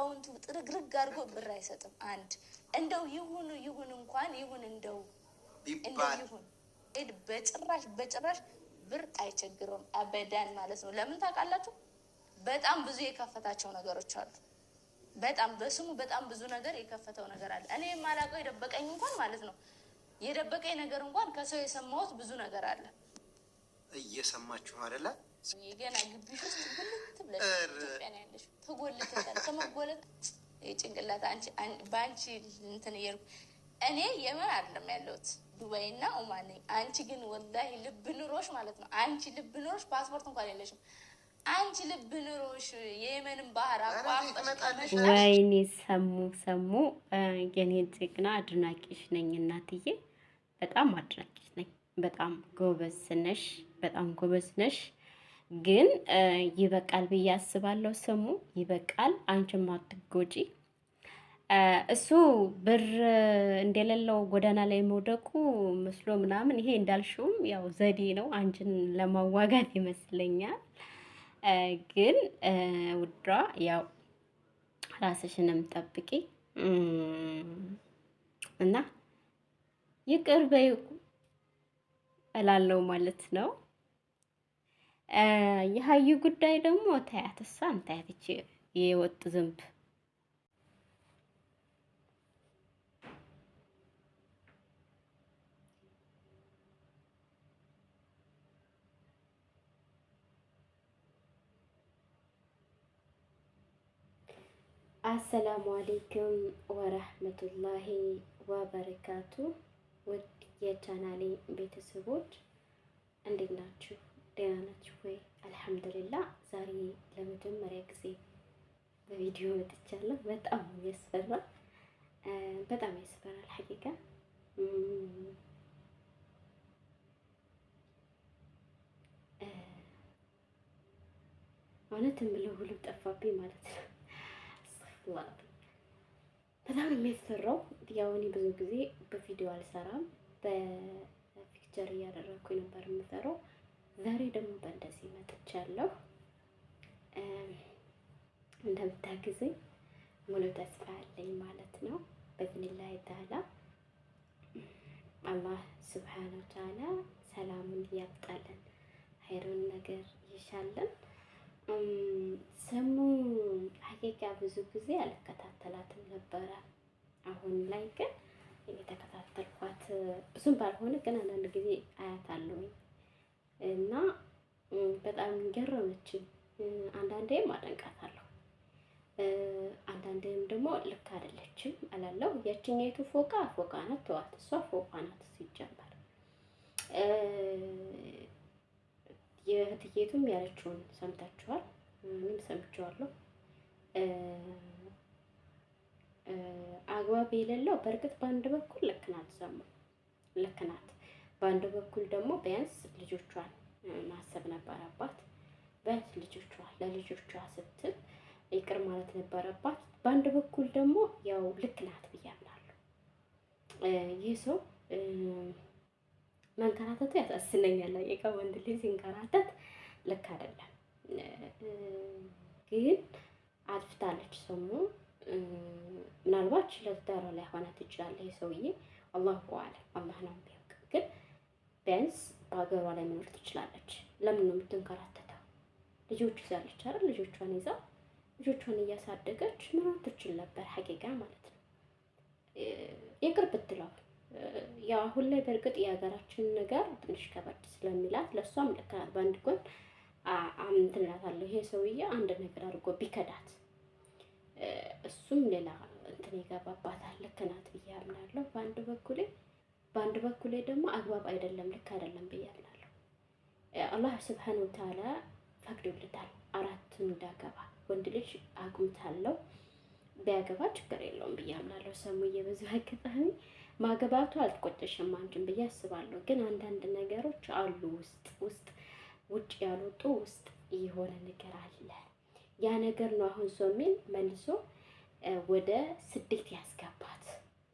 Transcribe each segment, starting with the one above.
አካውንቱ ጥርግርግ አድርጎ ብር አይሰጥም። አንድ እንደው ይሁን ይሁን እንኳን ይሁን እንደው ይሁን በጭራሽ በጭራሽ ብር አይቸግረውም። አበዳን ማለት ነው። ለምን ታውቃላችሁ? በጣም ብዙ የከፈታቸው ነገሮች አሉ። በጣም በስሙ በጣም ብዙ ነገር የከፈተው ነገር አለ። እኔ የማላውቀው የደበቀኝ እንኳን ማለት ነው የደበቀኝ ነገር እንኳን ከሰው የሰማሁት ብዙ ነገር አለ። እየሰማችሁ አይደለ? ገና ግቢ ውስጥ ብለሽ ኢትዮጵያ ነው ያለሽ። ተጎልተሻል። በአንቺ እንትን እየሄድኩ እኔ የመን አይደለም ያለሁት ዱባይና ኦማን ነኝ። አንቺ ግን ወላሂ ልብ ኑሮሽ ማለት ነው። አንቺ ልብ ኑሮሽ ፓስፖርት እንኳን የለሽም። አንቺ ልብ ኑሮሽ የየመንን ባህር አቋርጠሽ። ወይኔ ሰሙ ሰሙ፣ የኔ ጀግና አድናቂሽ ነኝ እናትዬ፣ በጣም አድናቂሽ ነኝ። በጣም ጎበዝ ነሽ፣ በጣም ጎበዝ ነሽ። ግን ይበቃል ብዬ አስባለሁ። ስሙ ይበቃል፣ አንቺም አትጎጪ። እሱ ብር እንደሌለው ጎዳና ላይ መውደቁ መስሎ ምናምን፣ ይሄ እንዳልሽውም ያው ዘዴ ነው አንቺን ለማዋጋት ይመስለኛል። ግን ውዷ ያው ራስሽንም ጠብቂ እና ይቅር በይ እላለው ማለት ነው። የሀዩ ጉዳይ ደግሞ ታያትሳ ታያትች የወጥ ዝንብ አሰላሙ አሌይኩም ወረህመቱላሂ ወበረካቱ። ውድ የቻናሌ ቤተሰቦች እንዴት ናችሁ? ደህና ናችሁ ወይ? አልሐምዱሊላ። ዛሬ ለመጀመሪያ ጊዜ በቪዲዮ መጥቻለሁ። በጣም ያስፈራ፣ በጣም ያስፈራል። ሐቂቃ እውነት የምለው ሁሉ ጠፋብኝ ማለት ነው። በጣም የሚያስፈራው ያው እኔ ብዙ ጊዜ በቪዲዮ አልሰራም፣ በፒክቸር እያደረግኩ ነበር የምሰራው ዛሬ ደግሞ በእንደዚህ መጥቻለሁ። እንደምታግዘኝ ሙሉ ተስፋ አለኝ ማለት ነው። በኢዝኒላሂ ተዓላ አላህ ስብሓነ ወተዓላ ሰላሙን ያብጣለን፣ ሀይሩን ነገር ይሻለን። ሰሙ ሀቂቃ ብዙ ጊዜ አልከታተላትም ነበረ። አሁን ላይ ግን የተከታተልኳት ብዙም ባልሆነ ግን አንዳንድ ጊዜ አያታለሁኝ እና በጣም ገረመችኝ። አንዳንዴም አደንቃታለሁ፣ አንዳንዴም ደግሞ ልክ አይደለችም እላለሁ። የችኛይቱ ፎቃ ፎቃ ናት፣ ተዋት፣ እሷ ፎቃ ናት ሲጀመር። የህትዬቱም ያለችውን ሰምታችኋል፣ እኔም ሰምቼዋለሁ። አግባብ የሌለው በእርግጥ በአንድ በኩል ልክ ናት፣ ሰሙ ልክ ናት በአንድ በኩል ደግሞ ቢያንስ ልጆቿን ማሰብ ነበረባት። ቢያንስ ልጆቿ ለልጆቿ ስትል ይቅር ማለት ነበረባት። በአንድ በኩል ደግሞ ያው ልክ ናት ብዬ አምናለሁ። ይህ ሰው መንከራተቱ ያሳስነኛል። ላቂቃ ወንድ ልጅ ሲንከራተት ልክ አይደለም። ግን አጥፍታለች። ሰሙ ምናልባት ለትዳሯ ላይ ሆነ ትችላለህ። ይህ ሰውዬ አላሁ አለም አላህ ነው ቢያንስ በሀገሯ ላይ መኖር ትችላለች። ለምን ነው የምትንከራተተው? ልጆች ይዛለች አይደል? ልጆቿን ይዛ ልጆቿን እያሳደገች መኖር ትችል ነበር። ሀቂቃ ማለት ነው የቅርብ ትለው ያ አሁን ላይ በእርግጥ የሀገራችን ነገር ትንሽ ከበድ ስለሚላት ለእሷም ልክ ናት። በአንድ ጎን እንትን እላታለሁ፣ ይሄ ሰውዬ አንድ ነገር አድርጎ ቢከዳት እሱም ሌላ እንትን የገባባታል። ልክ ናት ብዬ አምናለሁ በአንድ በኩሌ በአንድ በኩል ላይ ደግሞ አግባብ አይደለም፣ ልክ አይደለም ብያለሁ። አላህ ስብሓን ወተዓላ ፈቅዶልታል አራቱን እንዳገባ ወንድ ልጅ አግብታለው ቢያገባ ችግር የለውም ብያምናለሁ። ሰሙ በዚህ አጋጣሚ ማገባቱ አልቆጨሽም አንቺን ብዬ አስባለሁ። ግን አንዳንድ ነገሮች አሉ ውስጥ ውስጥ ውጭ ያልወጡ ውስጥ የሆነ ነገር አለ። ያ ነገር ነው አሁን ሶሚን መልሶ ወደ ስደት ያስገባት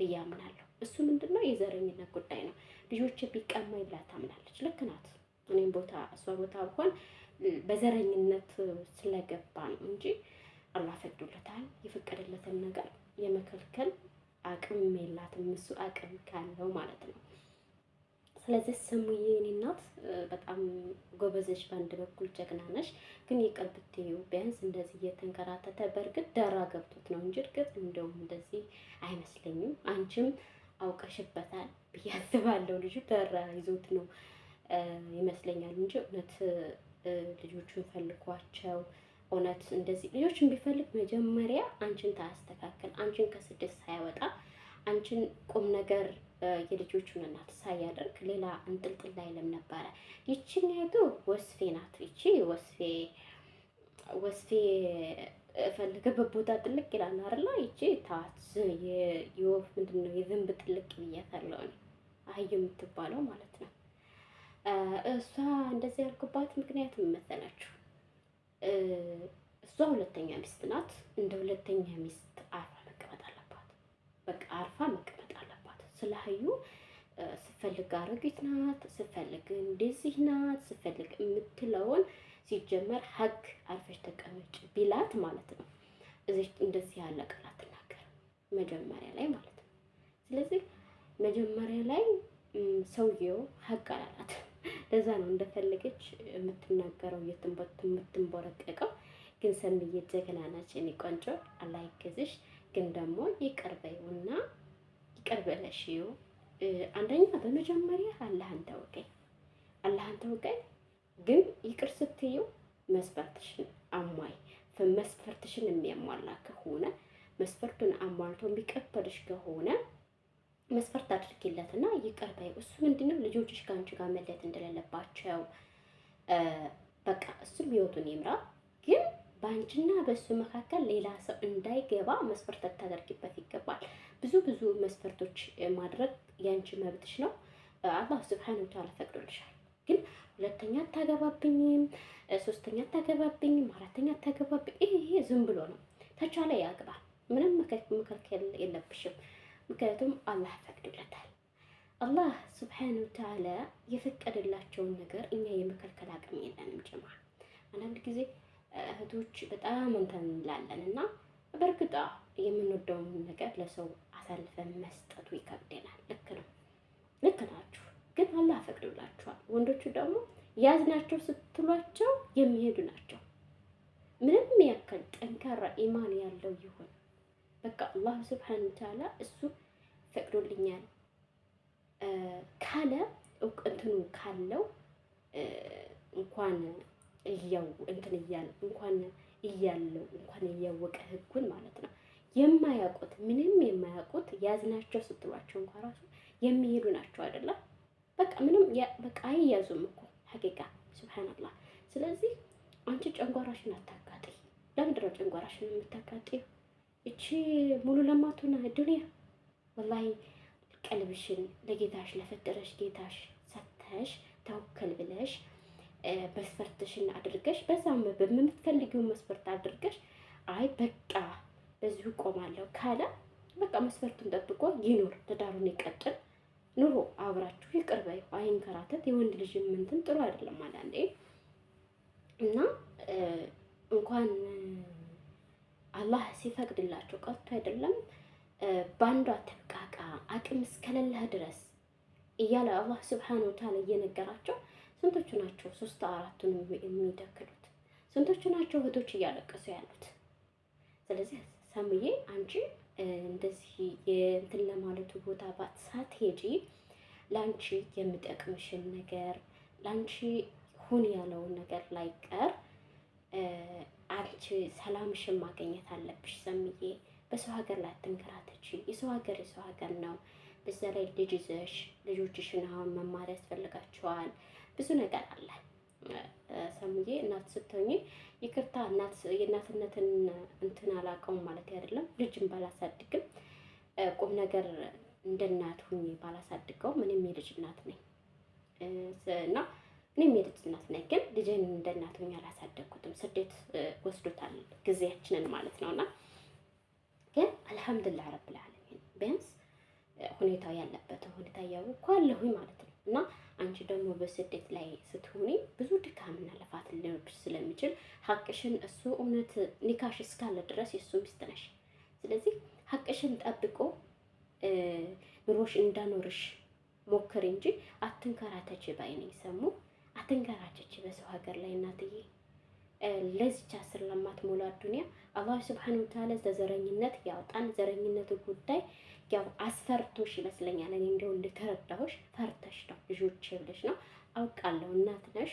ብያምናለሁ። እሱ ምንድን ነው የዘረኝነት ጉዳይ ነው። ልጆች ቢቀማ ይብላ ታምናለች። ልክ ናት። እኔም ቦታ እሷ ቦታ ብሆን በዘረኝነት ስለገባ ነው እንጂ አላህ ፈቅዶለታል። የፈቀደለትን ነገር የመከልከል አቅም የላትም። እሱ አቅም ካለው ማለት ነው። ስለዚህ ስሙዬ የኔ እናት በጣም ጎበዘሽ፣ በአንድ በኩል ጀግና ነሽ። ግን ይቅር ቢያንስ እንደዚህ እየተንከራተተ በእርግጥ ደራ ገብቶት ነው እንጂ እርግጥ እንደውም እንደዚህ አይመስለኝም አንቺም አውቀሽበታል ብዬ አስባለሁ። ልጁ ተራ ይዞት ነው ይመስለኛል እንጂ እውነት ልጆቹን ፈልጓቸው እውነት እንደዚህ ልጆችን ቢፈልግ መጀመሪያ አንቺን ታስተካክል። አንቺን ከስደት ሳያወጣ፣ አንቺን ቁም ነገር የልጆቹን እናት ሳያደርግ ሌላ እንጥልጥል ላይ ለም ነበረ። ይቺን ያቱ ወስፌ ናት። ይቺ ወስፌ ወስፌ ፈለገበት ቦታ ጥልቅ ይላል አይደለ? ይቺ ታት የወፍ ምንድን ነው የዝንብ ጥልቅ ብያታለሁ እኔ አህያ የምትባለው ማለት ነው። እሷ እንደዚህ ያልኩባት ምክንያት ምን መሰላችሁ? እሷ ሁለተኛ ሚስት ናት። እንደ ሁለተኛ ሚስት አርፋ መቀመጥ አለባት። በቃ አርፋ መቀመጥ አለባት። ስለ አህዩ ስፈልግ አረጊት ናት፣ ስፈልግ እንደዚህ ናት፣ ስፈልግ የምትለውን ሲጀመር ሀግ አርፈሽ ተቀመጭ ቢላት ማለት ነው። እዚህ እንደዚህ ያለ ቃል አትናገርም መጀመሪያ ላይ ማለት ነው። ስለዚህ መጀመሪያ ላይ ሰውየው ሀግ አላላት። ለዛ ነው እንደፈለገች የምትናገረው የምትንቦረቀቀው። ግን ሰምዬ ጀግና ናች፣ የኔ ቆንጆ አላይገዝሽ። ግን ደግሞ ይቅር በይውና ይቅር በለሽው። አንደኛ በመጀመሪያ አላህን ተወቀኝ፣ አላህን ተወቀኝ ግን ይቅር ስትየው መስፈርትሽን አሟይ መስፈርትሽን የሚያሟላ ከሆነ መስፈርቱን አሟልቶ የሚቀበልሽ ከሆነ መስፈርት አድርጊለትና ይቅር በይ። እሱ ምንድነው ልጆችሽ ከአንቺ ጋር መለየት እንደሌለባቸው በቃ እሱም ህይወቱን ይምራ፣ ግን በአንቺና በእሱ መካከል ሌላ ሰው እንዳይገባ መስፈርት ልታደርጊበት ይገባል። ብዙ ብዙ መስፈርቶች ማድረግ የአንቺ መብትሽ ነው። አላህ ስብሓን ታላ ፈቅዶልሻል። ሁለተኛ አታገባብኝም፣ ሶስተኛ አታገባብኝም፣ አራተኛ አታገባብኝ። ይሄ ዝም ብሎ ነው። ተቻለ ያግባ። ምንም መከልከል የለብሽም። ምክንያቱም አላህ ፈቅድለታል። አላህ ስብሓን ወተዓላ የፈቀደላቸውን ነገር እኛ የመከልከል አቅም የለንም። ጀማ አንዳንድ ጊዜ እህቶች በጣም እንትን እንላለን እና በእርግጣ የምንወደውን ነገር ለሰው አሳልፈን መስጠቱ ይከብደናል። ልክ ነው፣ ልክ ናችሁ። ግን አላህ ፈቅዶላችሁ ወንዶቹ ደግሞ ያዝናቸው ስትሏቸው የሚሄዱ ናቸው። ምንም ያክል ጠንካራ ኢማን ያለው ይሁን በቃ አላህ ስብሓን ወተዓላ እሱ ፈቅዶልኛል ካለ እንትኑ ካለው እንኳን እያው እንትን እያለ እንኳን እያለው እንኳን እያወቀ ህጉን ማለት ነው የማያውቁት ምንም የማያውቁት ያዝናቸው ስትሏቸው እንኳን ራሱ የሚሄዱ ናቸው አይደለም። በቃ ምንም በቃ አይያዙም እኮ ሀቂቃ ሱብሃንአላህ። ስለዚህ አንቺ ጨንጓራሽን አታቃጢ። ለምንድን ነው ጨንጓራሽን የምታቃጢው? እቺ ሙሉ ለማቱና ዱንያ ወላሂ ቀልብሽን ለጌታሽ ለፈጠረሽ ጌታሽ ሰተሽ ተወከል ብለሽ መስፈርትሽን አድርገሽ በዛም በምትፈልጊውን መስፈርት አድርገሽ አይ በቃ በዚሁ እቆማለሁ ካለ በቃ መስፈርቱን ጠብቆ ይኑር፣ ትዳሩን ይቀጥል። ኑሮ አብራችሁ ይቅር በይ። አይንከራተት። የወንድ ልጅ ምንትን ጥሩ አይደለም አንዳንዴ እና እንኳን አላህ ሲፈቅድላቸው ቀርቶ አይደለም ባንዷ ተብቃቃ አቅም እስከሌለህ ድረስ እያለ አላህ ስብሓን ወታላ እየነገራቸው ስንቶቹ ናቸው ሶስት አራቱን የሚደክሉት? ስንቶቹ ናቸው እህቶች እያለቀሱ ያሉት? ስለዚህ ሰምዬ አንቺ እንደዚህ እንትን ለማለቱ ቦታ ሄጂ ለአንቺ የምጠቅምሽን ነገር ለአንቺ ሁን ያለውን ነገር ላይቀር አንቺ ሰላምሽን ማገኘት አለብሽ። ሰምዬ በሰው ሀገር ላይ አትንከራተች። የሰው ሀገር የሰው ሀገር ነው። በዛ ላይ ልጅ ይዘሽ ልጆችሽን አሁን መማር ያስፈልጋቸዋል። ብዙ ነገር አለ። ሰሙዬ እናት ስትሆኝ ይቅርታ እናት የእናትነትን እንትን አላውቀውም ማለት አይደለም። ልጅም ባላሳድግም ቁም ነገር እንደ እናት ሁኜ ባላሳድገው ምንም የልጅ እናት ነኝ እና ምንም የልጅ እናት ነኝ። ግን ልጅን እንደ እናት ሁኜ አላሳደግኩትም። ስደት ወስዶታል ጊዜያችንን ማለት ነው እና ግን አልሐምዱሊላህ ረብል ዓለሚን ቢያንስ ሁኔታው ያለበትን ሁኔታ እያወቅኩ አለሁኝ ማለት ነው። እና አንቺ ደግሞ በስደት ላይ ስትሆኒ ብዙ ድካምና ልፋት ሊኖርሽ ስለሚችል ሀቅሽን እሱ እውነት ኒካሽ እስካለ ድረስ የእሱ ሚስት ነሽ። ስለዚህ ሀቅሽን ጠብቆ ኑሮሽ እንዳኖርሽ ሞክር እንጂ አትንከራተች ባይ ነኝ። ሰሙ አትንከራተች በሰው ሀገር ላይ እናትዬ። ለዚች አስር ለማትሞላ ዱኒያ አላህ ስብሓን ወተዓላ ዘረኝነት ያውጣን። ዘረኝነቱ ጉዳይ ያው አስፈርቶሽ ይመስለኛል። እኔ እንደው እንደተረዳሁሽ ፈርተሽ ነው ልጆቼ ብለሽ ነው አውቃለሁ። እናት ነሽ፣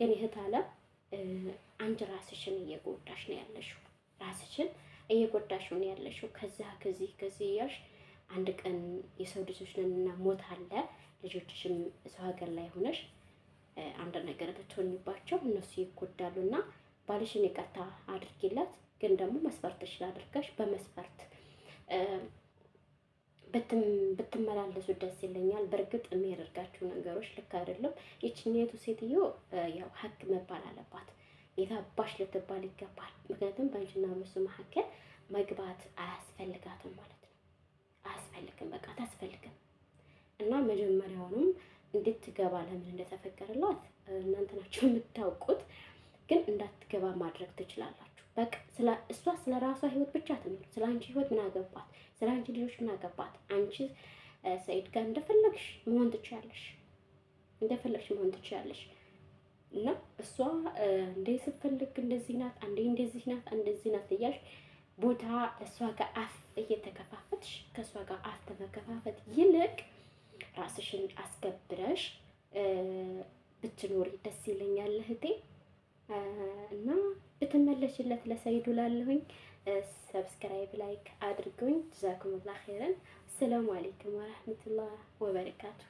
ግን ይህት አለም አንቺ ራስሽን እየጎዳሽ ነው ያለሽው። ራስሽን እየጎዳሽ ነው ያለሽው። ከዛ ከዚህ ከዚህ እያልሽ አንድ ቀን የሰው ልጆች ነን ሞት አለ። ልጆችሽም ሰው ሀገር ላይ ሆነሽ አንድ ነገር ብትሆኝባቸው እነሱ ይጎዳሉ እና ባልሽን ይቅርታ አድርጊላት። ግን ደግሞ መስፈርትሽን አድርገሽ በመስፈርት ብትመላለሱ ደስ ይለኛል። በእርግጥ የሚያደርጋቸው ነገሮች ልክ አይደለም። ይችኛቱ ሴትዮ ያው ሀቅ መባል አለባት፣ የታባሽ ልትባል ይገባል። ምክንያቱም በእንጅና በሱ መካከል መግባት አያስፈልጋትም ማለት ነው። አያስፈልግም፣ በቃ አታስፈልግም። እና መጀመሪያውንም እንድትገባ ለምን እንደተፈቀደላት እናንተ ናቸው የምታውቁት። ግን እንዳትገባ ማድረግ ትችላላችሁ። በቃ እሷ ስለ ራሷ ህይወት ብቻ ትኖር። ስለ አንቺ ህይወት ምን አገባት? ስለ አንቺ ልጆች ምን አገባት? አንቺ ሰኢድ ጋር እንደፈለግሽ መሆን ትችያለሽ፣ እንደፈለግሽ መሆን ትችያለሽ። እና እሷ እንደ ስትፈልግ እንደዚህ ናት፣ አንዴ እንደዚህ ናት፣ እንደዚህ ናት እያልሽ ቦታ እሷ ጋር አፍ እየተከፋፈትሽ ከእሷ ጋር አፍ ተመከፋፈት ይልቅ ራስሽን አስገብረሽ ብትኖሪ ደስ ይለኛል እህቴ እና ብትመለሽለት ለሰይዱ ላለሁኝ ሰብስክራይብ ላይክ አድርጉኝ። ጀዛኩሙላህ ኸይረን። ሰላሙ አለይኩም ወረህመቱላህ ወበረካቱ